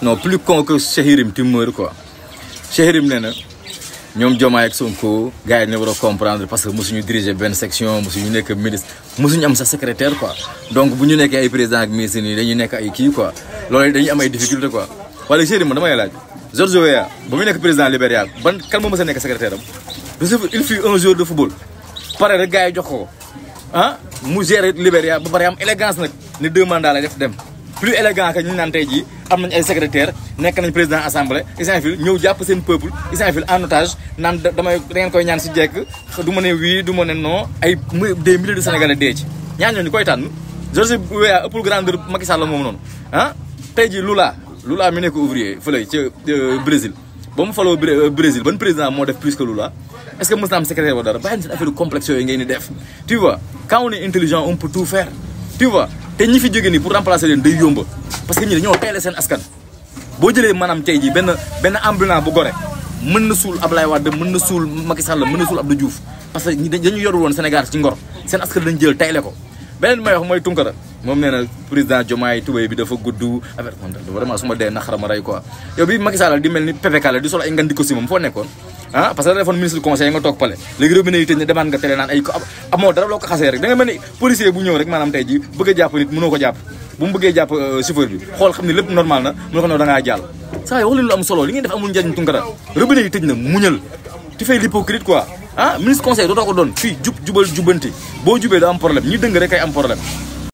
non plus con que Cheikh Yérim tu quoi Cheikh Yérim nee na ñoom Diomaye ak Sonko gars yi ne war a comprendre parce que mosuñu diriger benn section mosuñu nekk ministre mosuñu am sa secrétaire quoi donc bu ñu nekkee ay président ak ministre dañu nekk ay kii quoi loolu dañuy am ay difficulté quoi wala Cheikh Yérim man dama lay laaj George Weah ba muy nekk président libéral ban kan moo mës a nekk secrétaire am il fut un joueur de football pare rek gars yi jox ko ah mu gérer libéral ba pare am élégance nag ne deux mandats lay def plus élégant que ñu naan tey jii am nañ ay secrétaire nekk nañ président assemblée Issa Fil ñëw jàpp seen peuple Issa Fil en otage naan damay da ngeen koy ñaan si jekk du ma ne wii du ma ne non ay des milliers de sénégalais dee ci ñaan ñooñu koy tànn Joseph Weah ëppul grandeur Macky Sall moom noonu ah tey jii Lula Lula mi nekk ouvrier fële Brésil ba mu faloo euh, Brésil ban président moo def plus que Lula est ce que mës na am secrétaire te ñi fi jóge nii pour remplacer leen day yomba parce que ñi dañoo teele seen askan boo jëlee maanaam tey jii benn benn ambulant bu gore mën na suul Ablaye Wade mën na suul Macky Sall mën na suul Abdou Diouf parce que dañu yorul woon Sénégal ci ngor seen askan dañ jël teyle ko beneen may wax mooy Tunkara moom nee na président Diomaye tubéy bi dafa gudd affaire man vraiment su ma dee naxara ma rey quoi yow bi Macky di mel ni PPK di sol ay ngan ah parce que da defoon ministre du conseil nga toog pale léegi robinet yi tëj ne demaat nga télé naan ay ko amoo dara loo xasee rek da nga policier bu ñëw rek maanaam tey ji bëgg a jàpp nit mënoo ko jàpp bu mu bëggee jàpp euh, chauffeur bi xool xam ne lépp normal mu ne ko noo da ngaa saa yi wax leen lu am solo li ngeen def amul njariñ tunkara robinet yi tëj na muñal tu fais l'hypocrite quoi ah ministre conseil dootoo ko doon fii jub jubanti boo jubee